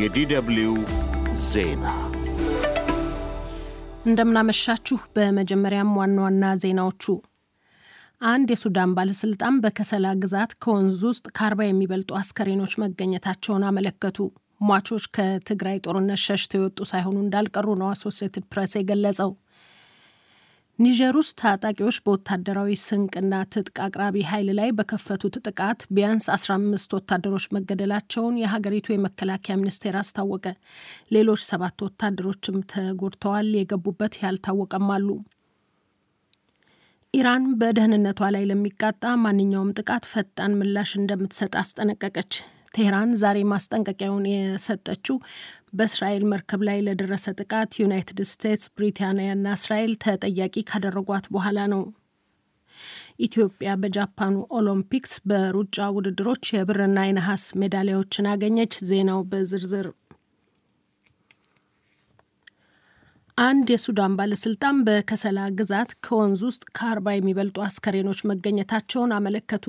የዲደብልዩ ዜና እንደምናመሻችሁ። በመጀመሪያም ዋና ዋና ዜናዎቹ አንድ የሱዳን ባለስልጣን በከሰላ ግዛት ከወንዝ ውስጥ ከአርባ የሚበልጡ አስከሬኖች መገኘታቸውን አመለከቱ። ሟቾች ከትግራይ ጦርነት ሸሽተው የወጡ ሳይሆኑ እንዳልቀሩ ነው አሶሴትድ ፕሬስ የገለጸው። ኒጀር ውስጥ ታጣቂዎች በወታደራዊ ስንቅና ትጥቅ አቅራቢ ኃይል ላይ በከፈቱት ጥቃት ቢያንስ 15 ወታደሮች መገደላቸውን የሀገሪቱ የመከላከያ ሚኒስቴር አስታወቀ። ሌሎች ሰባት ወታደሮችም ተጎድተዋል፣ የገቡበት ያልታወቀም አሉ። ኢራን በደህንነቷ ላይ ለሚቃጣ ማንኛውም ጥቃት ፈጣን ምላሽ እንደምትሰጥ አስጠነቀቀች። ቴህራን ዛሬ ማስጠንቀቂያውን የሰጠችው በእስራኤል መርከብ ላይ ለደረሰ ጥቃት ዩናይትድ ስቴትስ ብሪታንያና እስራኤል ተጠያቂ ካደረጓት በኋላ ነው። ኢትዮጵያ በጃፓኑ ኦሎምፒክስ በሩጫ ውድድሮች የብርና የነሐስ ሜዳሊያዎችን አገኘች። ዜናው በዝርዝር አንድ የሱዳን ባለስልጣን በከሰላ ግዛት ከወንዝ ውስጥ ከአርባ የሚበልጡ አስከሬኖች መገኘታቸውን አመለከቱ።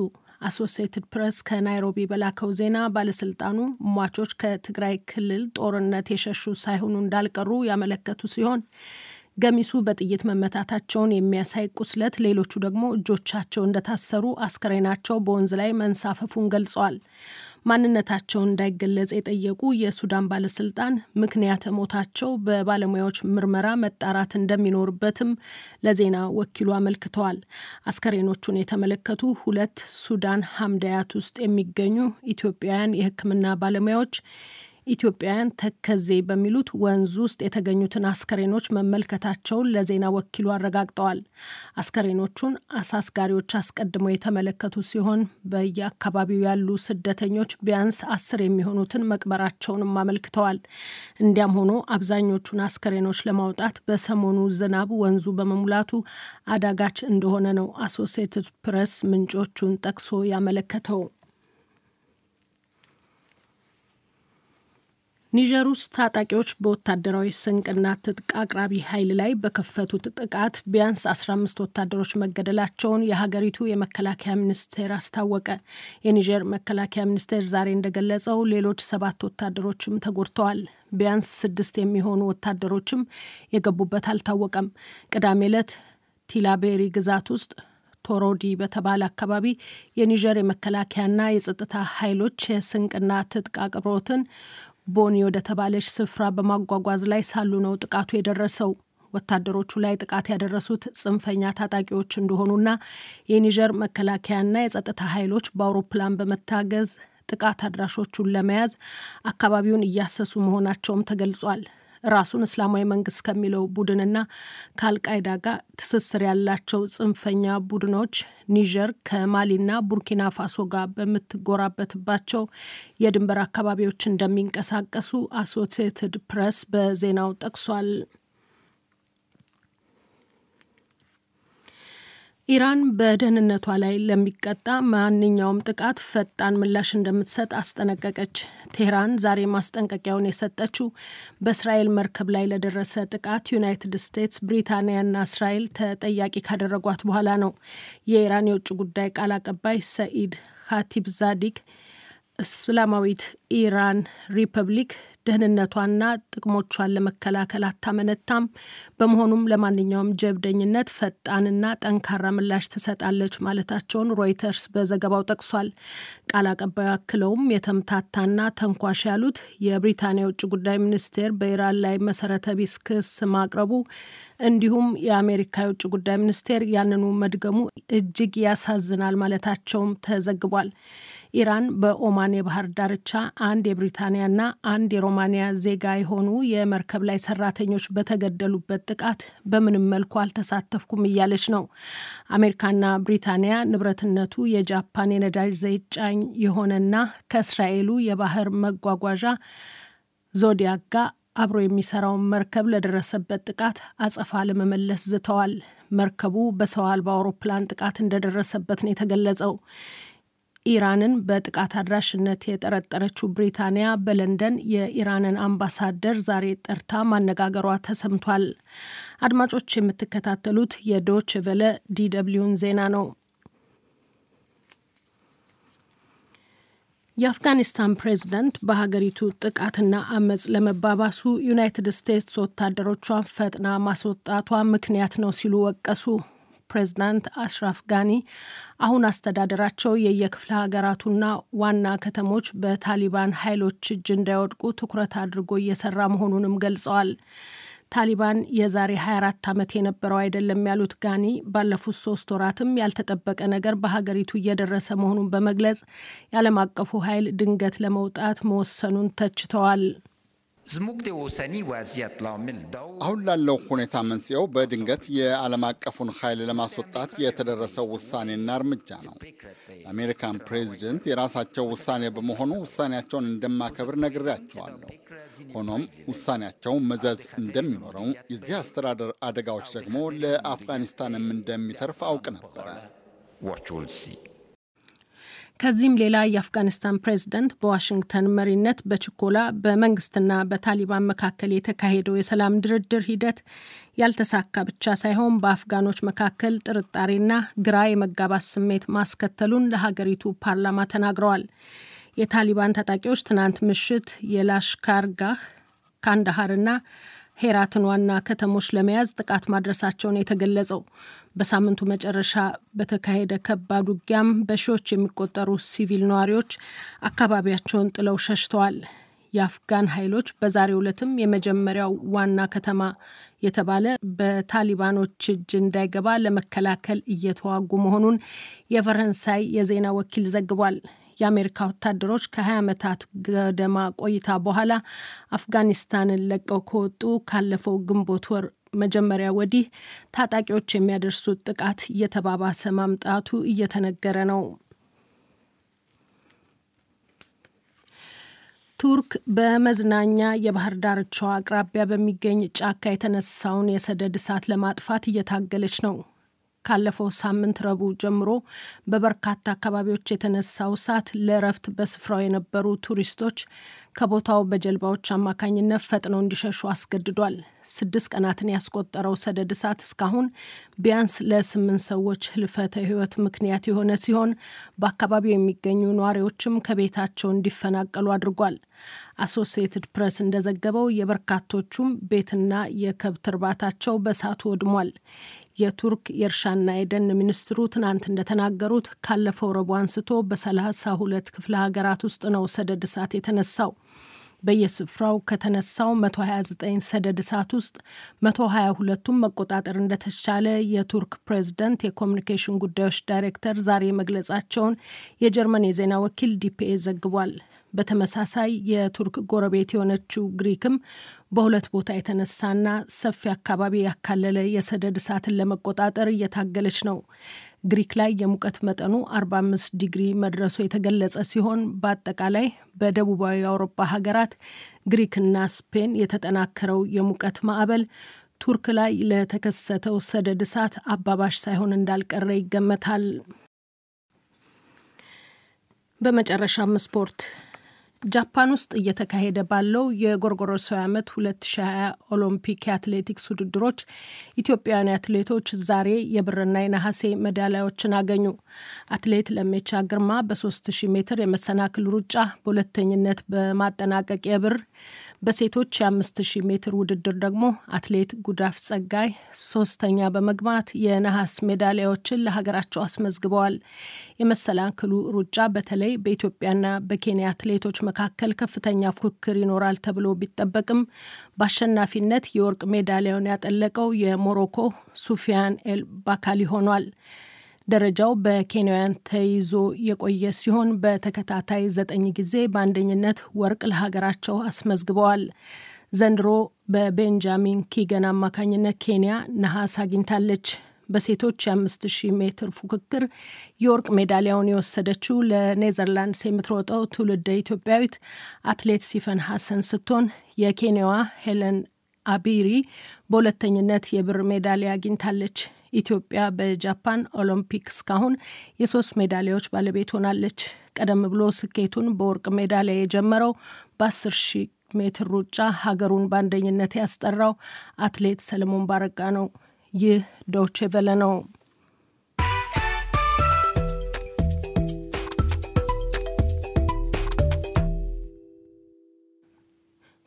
አሶሲየትድ ፕሬስ ከናይሮቢ በላከው ዜና ባለስልጣኑ ሟቾች ከትግራይ ክልል ጦርነት የሸሹ ሳይሆኑ እንዳልቀሩ ያመለከቱ ሲሆን ገሚሱ በጥይት መመታታቸውን የሚያሳይ ቁስለት፣ ሌሎቹ ደግሞ እጆቻቸው እንደታሰሩ አስከሬናቸው በወንዝ ላይ መንሳፈፉን ገልጸዋል። ማንነታቸው እንዳይገለጽ የጠየቁ የሱዳን ባለስልጣን ምክንያት ሞታቸው በባለሙያዎች ምርመራ መጣራት እንደሚኖርበትም ለዜና ወኪሉ አመልክተዋል። አስከሬኖቹን የተመለከቱ ሁለት ሱዳን ሀምዳያት ውስጥ የሚገኙ ኢትዮጵያውያን የሕክምና ባለሙያዎች ኢትዮጵያውያን ተከዜ በሚሉት ወንዝ ውስጥ የተገኙትን አስከሬኖች መመልከታቸውን ለዜና ወኪሉ አረጋግጠዋል። አስከሬኖቹን አሳስጋሪዎች አስቀድመው የተመለከቱ ሲሆን በየአካባቢው ያሉ ስደተኞች ቢያንስ አስር የሚሆኑትን መቅበራቸውንም አመልክተዋል። እንዲያም ሆኖ አብዛኞቹን አስከሬኖች ለማውጣት በሰሞኑ ዝናብ ወንዙ በመሙላቱ አዳጋች እንደሆነ ነው አሶሲየትድ ፕሬስ ምንጮቹን ጠቅሶ ያመለከተው። ኒጀር ውስጥ ታጣቂዎች በወታደራዊ ስንቅና ትጥቅ አቅራቢ ኃይል ላይ በከፈቱት ጥቃት ቢያንስ 15 ወታደሮች መገደላቸውን የሀገሪቱ የመከላከያ ሚኒስቴር አስታወቀ። የኒጀር መከላከያ ሚኒስቴር ዛሬ እንደገለጸው ሌሎች ሰባት ወታደሮችም ተጎድተዋል። ቢያንስ ስድስት የሚሆኑ ወታደሮችም የገቡበት አልታወቀም። ቅዳሜ ዕለት ቲላቤሪ ግዛት ውስጥ ቶሮዲ በተባለ አካባቢ የኒጀር የመከላከያና የጸጥታ ኃይሎች የስንቅና ትጥቅ አቅርቦትን ቦኒ ወደ ተባለች ስፍራ በማጓጓዝ ላይ ሳሉ ነው ጥቃቱ የደረሰው። ወታደሮቹ ላይ ጥቃት ያደረሱት ጽንፈኛ ታጣቂዎች እንደሆኑና የኒጀር መከላከያና የጸጥታ ኃይሎች በአውሮፕላን በመታገዝ ጥቃት አድራሾቹን ለመያዝ አካባቢውን እያሰሱ መሆናቸውም ተገልጿል። ራሱን እስላማዊ መንግስት ከሚለው ቡድንና ከአልቃይዳ ጋር ትስስር ያላቸው ጽንፈኛ ቡድኖች ኒጀር ከማሊና ቡርኪና ፋሶ ጋር በምትጎራበትባቸው የድንበር አካባቢዎች እንደሚንቀሳቀሱ አሶሲትድ ፕሬስ በዜናው ጠቅሷል። ኢራን በደህንነቷ ላይ ለሚቀጣ ማንኛውም ጥቃት ፈጣን ምላሽ እንደምትሰጥ አስጠነቀቀች። ቴህራን ዛሬ ማስጠንቀቂያውን የሰጠችው በእስራኤል መርከብ ላይ ለደረሰ ጥቃት ዩናይትድ ስቴትስ፣ ብሪታንያና እስራኤል ተጠያቂ ካደረጓት በኋላ ነው። የኢራን የውጭ ጉዳይ ቃል አቀባይ ሰኢድ ካቲብ ዛዲግ እስላማዊት ኢራን ሪፐብሊክ ደህንነቷና ጥቅሞቿን ለመከላከል አታመነታም። በመሆኑም ለማንኛውም ጀብደኝነት ፈጣንና ጠንካራ ምላሽ ትሰጣለች ማለታቸውን ሮይተርስ በዘገባው ጠቅሷል። ቃል አቀባዩ አክለውም የተምታታና ተንኳሽ ያሉት የብሪታንያ የውጭ ጉዳይ ሚኒስቴር በኢራን ላይ መሰረተ ቢስ ክስ ማቅረቡ እንዲሁም የአሜሪካ የውጭ ጉዳይ ሚኒስቴር ያንኑ መድገሙ እጅግ ያሳዝናል ማለታቸውም ተዘግቧል። ኢራን በኦማን የባህር ዳርቻ አንድ የብሪታንያና አንድ የሮማንያ ዜጋ የሆኑ የመርከብ ላይ ሰራተኞች በተገደሉበት ጥቃት በምንም መልኩ አልተሳተፍኩም እያለች ነው። አሜሪካና ብሪታንያ ንብረትነቱ የጃፓን የነዳጅ ዘይት ጫኝ የሆነና ከእስራኤሉ የባህር መጓጓዣ ዞዲያክ ጋር አብሮ የሚሰራውን መርከብ ለደረሰበት ጥቃት አጸፋ ለመመለስ ዝተዋል። መርከቡ በሰው አልባ አውሮፕላን ጥቃት እንደደረሰበት ነው የተገለጸው። ኢራንን በጥቃት አድራሽነት የጠረጠረችው ብሪታንያ በለንደን የኢራንን አምባሳደር ዛሬ ጠርታ ማነጋገሯ ተሰምቷል። አድማጮች የምትከታተሉት የዶች ቨለ ዲደብሊውን ዜና ነው። የአፍጋኒስታን ፕሬዝዳንት በሀገሪቱ ጥቃትና አመፅ ለመባባሱ ዩናይትድ ስቴትስ ወታደሮቿን ፈጥና ማስወጣቷ ምክንያት ነው ሲሉ ወቀሱ። ፕሬዝዳንት አሽራፍ ጋኒ አሁን አስተዳደራቸው የየክፍለ ሀገራቱና ዋና ከተሞች በታሊባን ኃይሎች እጅ እንዳይወድቁ ትኩረት አድርጎ እየሰራ መሆኑንም ገልጸዋል። ታሊባን የዛሬ 24 ዓመት የነበረው አይደለም ያሉት ጋኒ ባለፉት ሶስት ወራትም ያልተጠበቀ ነገር በሀገሪቱ እየደረሰ መሆኑን በመግለጽ የዓለም አቀፉ ኃይል ድንገት ለመውጣት መወሰኑን ተችተዋል። አሁን ላለው ሁኔታ መንስኤው በድንገት የዓለም አቀፉን ኃይል ለማስወጣት የተደረሰው ውሳኔና እርምጃ ነው። የአሜሪካን ፕሬዚደንት የራሳቸው ውሳኔ በመሆኑ ውሳኔያቸውን እንደማከብር ነግሬያቸዋለሁ። ሆኖም ውሳኔያቸው መዘዝ እንደሚኖረው፣ የዚህ አስተዳደር አደጋዎች ደግሞ ለአፍጋኒስታንም እንደሚተርፍ አውቅ ነበረ። ከዚህም ሌላ የአፍጋኒስታን ፕሬዝደንት በዋሽንግተን መሪነት በችኮላ በመንግስትና በታሊባን መካከል የተካሄደው የሰላም ድርድር ሂደት ያልተሳካ ብቻ ሳይሆን በአፍጋኖች መካከል ጥርጣሬና ግራ የመጋባት ስሜት ማስከተሉን ለሀገሪቱ ፓርላማ ተናግረዋል። የታሊባን ታጣቂዎች ትናንት ምሽት የላሽካርጋህ ካንዳሃርና ሄራትን ዋና ከተሞች ለመያዝ ጥቃት ማድረሳቸውን የተገለጸው። በሳምንቱ መጨረሻ በተካሄደ ከባድ ውጊያም በሺዎች የሚቆጠሩ ሲቪል ነዋሪዎች አካባቢያቸውን ጥለው ሸሽተዋል። የአፍጋን ኃይሎች በዛሬው ዕለትም የመጀመሪያው ዋና ከተማ የተባለ በታሊባኖች እጅ እንዳይገባ ለመከላከል እየተዋጉ መሆኑን የፈረንሳይ የዜና ወኪል ዘግቧል። የአሜሪካ ወታደሮች ከ20 ዓመታት ገደማ ቆይታ በኋላ አፍጋኒስታንን ለቀው ከወጡ ካለፈው ግንቦት ወር መጀመሪያ ወዲህ ታጣቂዎች የሚያደርሱት ጥቃት እየተባባሰ ማምጣቱ እየተነገረ ነው። ቱርክ በመዝናኛ የባህር ዳርቻው አቅራቢያ በሚገኝ ጫካ የተነሳውን የሰደድ እሳት ለማጥፋት እየታገለች ነው። ካለፈው ሳምንት ረቡዕ ጀምሮ በበርካታ አካባቢዎች የተነሳው እሳት ለእረፍት በስፍራው የነበሩ ቱሪስቶች ከቦታው በጀልባዎች አማካኝነት ፈጥነው እንዲሸሹ አስገድዷል። ስድስት ቀናትን ያስቆጠረው ሰደድ እሳት እስካሁን ቢያንስ ለስምንት ሰዎች ህልፈተ ህይወት ምክንያት የሆነ ሲሆን በአካባቢው የሚገኙ ነዋሪዎችም ከቤታቸው እንዲፈናቀሉ አድርጓል። አሶሲየትድ ፕሬስ እንደዘገበው የበርካቶቹም ቤትና የከብት እርባታቸው በእሳቱ ወድሟል። የቱርክ የእርሻና የደን ሚኒስትሩ ትናንት እንደተናገሩት ካለፈው ረቡዕ አንስቶ በሰላሳ ሁለት ክፍለ ሀገራት ውስጥ ነው ሰደድ እሳት የተነሳው። በየስፍራው ከተነሳው 129 ሰደድ እሳት ውስጥ 122ቱም መቆጣጠር እንደተቻለ የቱርክ ፕሬዝደንት የኮሚኒኬሽን ጉዳዮች ዳይሬክተር ዛሬ መግለጻቸውን የጀርመን የዜና ወኪል ዲፒኤ ዘግቧል። በተመሳሳይ የቱርክ ጎረቤት የሆነችው ግሪክም በሁለት ቦታ የተነሳና ሰፊ አካባቢ ያካለለ የሰደድ እሳትን ለመቆጣጠር እየታገለች ነው። ግሪክ ላይ የሙቀት መጠኑ 45 ዲግሪ መድረሱ የተገለጸ ሲሆን በአጠቃላይ በደቡባዊ የአውሮፓ ሀገራት ግሪክና ስፔን የተጠናከረው የሙቀት ማዕበል ቱርክ ላይ ለተከሰተው ሰደድ እሳት አባባሽ ሳይሆን እንዳልቀረ ይገመታል። በመጨረሻም ስፖርት ጃፓን ውስጥ እየተካሄደ ባለው የጎርጎሮሳዊ ዓመት 2020 ኦሎምፒክ የአትሌቲክስ ውድድሮች ኢትዮጵያውያን አትሌቶች ዛሬ የብርና የነሐሴ ሜዳሊያዎችን አገኙ። አትሌት ለሜቻ ግርማ በ3000 ሜትር የመሰናክል ሩጫ በሁለተኝነት በማጠናቀቅ የብር በሴቶች የ5000 ሜትር ውድድር ደግሞ አትሌት ጉዳፍ ጸጋይ ሶስተኛ በመግባት የነሐስ ሜዳሊያዎችን ለሀገራቸው አስመዝግበዋል። የመሰናክሉ ሩጫ በተለይ በኢትዮጵያና በኬንያ አትሌቶች መካከል ከፍተኛ ፉክክር ይኖራል ተብሎ ቢጠበቅም በአሸናፊነት የወርቅ ሜዳሊያውን ያጠለቀው የሞሮኮ ሱፊያን ኤል ባካሊ ሆኗል። ደረጃው በኬንያውያን ተይዞ የቆየ ሲሆን በተከታታይ ዘጠኝ ጊዜ በአንደኝነት ወርቅ ለሀገራቸው አስመዝግበዋል። ዘንድሮ በቤንጃሚን ኪገን አማካኝነት ኬንያ ነሐስ አግኝታለች። በሴቶች የ5000 ሜትር ፉክክር የወርቅ ሜዳሊያውን የወሰደችው ለኔዘርላንድስ የምትሮጠው ትውልደ ኢትዮጵያዊት አትሌት ሲፈን ሀሰን ስትሆን የኬንያዋ ሄለን አቢሪ በሁለተኝነት የብር ሜዳሊያ አግኝታለች። ኢትዮጵያ በጃፓን ኦሎምፒክ እስካሁን የሶስት ሜዳሊያዎች ባለቤት ሆናለች። ቀደም ብሎ ስኬቱን በወርቅ ሜዳሊያ የጀመረው በ10 ሜትር ሩጫ ሀገሩን በአንደኝነት ያስጠራው አትሌት ሰለሞን ባረጋ ነው። ይህ ዶቼ ቬለ ነው።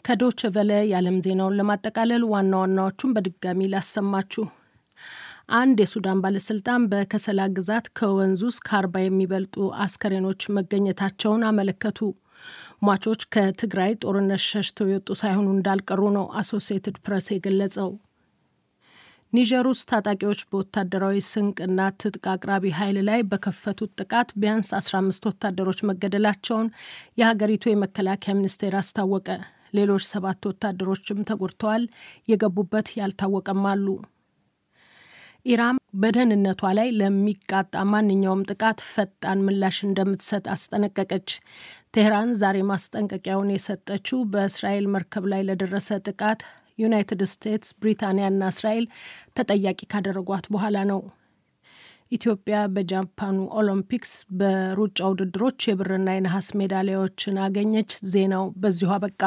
ከዶቼ ቬለ የዓለም ዜናውን ለማጠቃለል ዋና ዋናዎቹን በድጋሚ ላሰማችሁ። አንድ የሱዳን ባለስልጣን በከሰላ ግዛት ከወንዝ ውስጥ ከአርባ የሚበልጡ አስከሬኖች መገኘታቸውን አመለከቱ። ሟቾች ከትግራይ ጦርነት ሸሽተው የወጡ ሳይሆኑ እንዳልቀሩ ነው አሶሲየትድ ፕሬስ የገለጸው። ኒጀር ውስጥ ታጣቂዎች በወታደራዊ ስንቅና ትጥቅ አቅራቢ ኃይል ላይ በከፈቱት ጥቃት ቢያንስ 15 ወታደሮች መገደላቸውን የሀገሪቱ የመከላከያ ሚኒስቴር አስታወቀ። ሌሎች ሰባት ወታደሮችም ተጎድተዋል። የገቡበት ያልታወቀም አሉ። ኢራን በደህንነቷ ላይ ለሚቃጣ ማንኛውም ጥቃት ፈጣን ምላሽ እንደምትሰጥ አስጠነቀቀች። ቴህራን ዛሬ ማስጠንቀቂያውን የሰጠችው በእስራኤል መርከብ ላይ ለደረሰ ጥቃት ዩናይትድ ስቴትስ፣ ብሪታንያና እስራኤል ተጠያቂ ካደረጓት በኋላ ነው። ኢትዮጵያ በጃፓኑ ኦሎምፒክስ በሩጫ ውድድሮች የብርና የነሐስ ሜዳሊያዎችን አገኘች። ዜናው በዚሁ አበቃ።